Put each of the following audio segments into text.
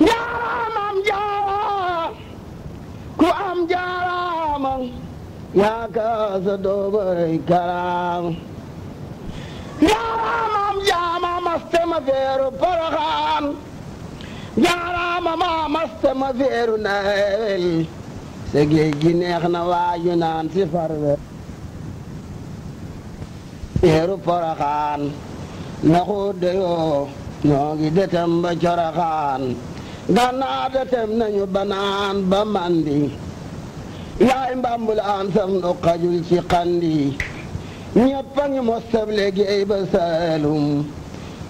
jaaraamam jaara ku am jaaraamam yaa kaasa doobaray karaam jaaraamam jaama mastema feeru poroxaan jaaraamama mastema feeru nawel sa géej gi neex na waaju naan si farwe feeru poroxaan na xuut de yoo ñoo ngi detam ba ganaate tem nañu banaan ba mandi yaay mbambul aan saf nu xajul ci xandi ñëpp a ngi mos sab liggéey ba saalum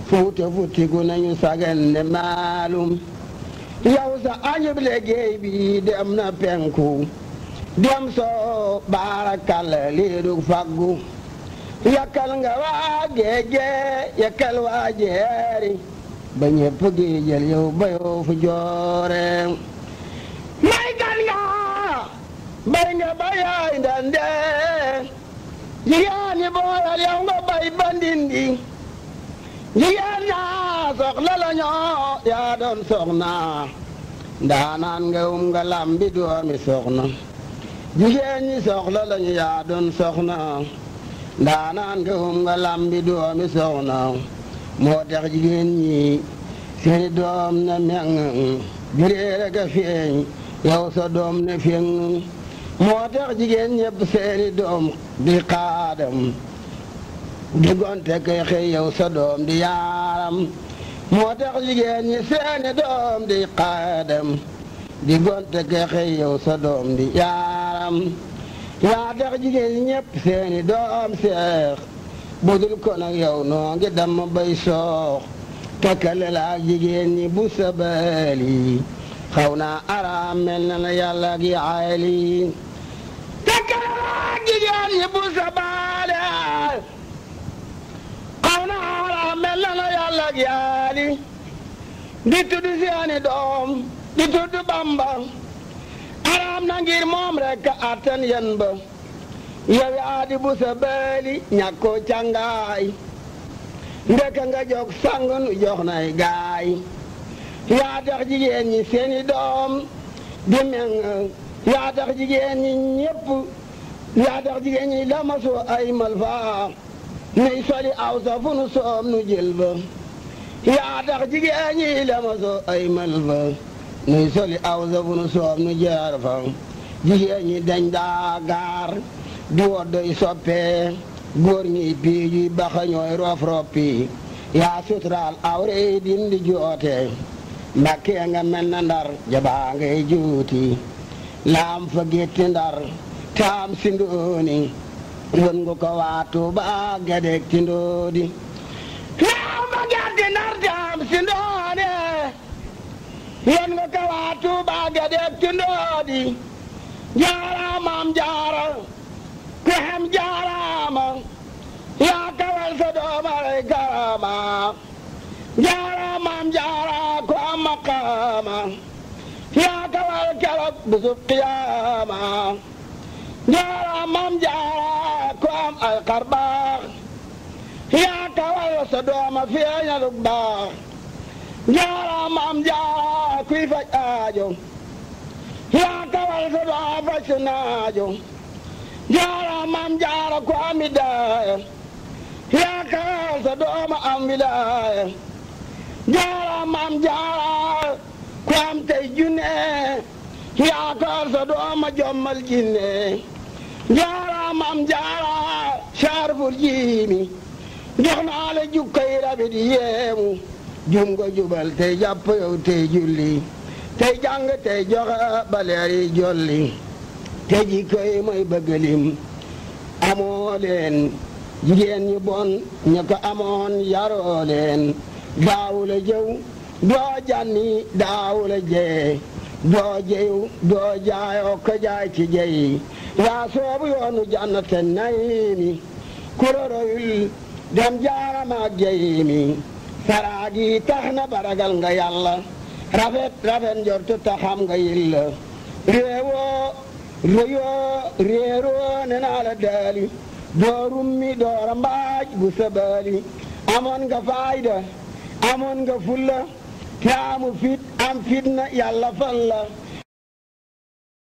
fuuta futtiku nañu sagan ne maalum yow sa ajib liggéey bi dem na penku dem soo baarakalla lii faggu yakkal nga waa géej yakkal waa jeeri ba ñëpp gi jël yow fu joore may gan nga bay nga bayaay ndande jigéen ñi boolal yow nga bay ba ndindi jigéen ñaa soxla la ñoo yaa doon soxna ndaanaan nga um nga lambi doomi soxna jigéen ñi soxla la ñu yaa doon soxna ndaanaan nga um nga lambi doomi soxna moo tax jigéen ñi seeni doom na meŋ di réer ak a feeñ yow sa doom ne feeñ moo tax jigéen ñëpp seeni doom di xaadam di gonte kay xëy yow sa doom di yaaram moo tax jigéen ñi seeni doom di xaadam di gonte kay xëy yow doom di yaaram yaa tax jigéen ñi ñëpp seeni doom seex budul ko nag yow noo ngi damm bay soox takkale laa jigéen ñi bu sabali xaw naa araam mel na la yàlla gi aali takkale laa jigéen ñi bu sabali xaw naa araam mel na la gi aali di tudd seeni doom di tudd bamba araam na moom rekk attan yen ba yow yaa di bu sa bëli ñàkkoo càngaay ndeka nga jóg sang nu jox nay gaay yaa jigéen ñi seeni doom di meng yaa jigéen ñi ñépp yaa jigéen ñi damasoo ay malfa nuy soli aw fu nu soom nu jël ba yaa jigéen ñi damasoo ay malfa nuy soli aw fu nu soom nu jaar fa jigéen ñi dañ daa gaar di woddoy soppee góor ñiy pii yuy roof roppi yaa suturaal awre yi dindi joote mbàkkee nga mel na ndar jabaa ngay juuti laam fa gétti ndar taam si ndooni won nga ko waa Tuuba gadeeg ci ndoodi laam fa gétti ndar taam si ndooni won nga ko waa Tuuba gadeeg ci ndoodi jaaraamaam jaar pexem jaaraama yaa kawal sa doomaray karaama jaaraamaam jaaraa ko am maqaama yaa kawal keroog bisub qiyaama jaaraamaam jaaraa ko am ay xar baax yaa kawal sa dooma feeñalug baax jaaraamaam jaaraa kuy faj aajo yaa kawal sa dooma faj si naajo jaara maam jaara ko am widaaya yaakaar sa dooma am widaaya jaara maam jaara ko am tey junne yaakaar sa dooma jommal jinne jaara maam jaara saarful jiimi jox naa la jukkay rabi di yeemu jum nga jubal tey jàpp yow tey julli tey jàng tey joxe ba leer yi jolli te jikko yi mooy bëgg lim amoo leen jigéen ñu bon ña ko amoon yaroo leen daawu la jëw doo jànni daawu la doo jëw doo jaayoo jaay ci jey waa soobu yoonu jànnate naymi kuroroyul dem jaaramaak jeymi faraagi tax na baragal nga yàlla rafet rafet njortu taxam nga yilla réewoo rëyoo réeroo ne naa daali doo rummi doora mbaaj bu sabaali amoon nga faayda amoon nga fulla te fit am fit na yàlla fal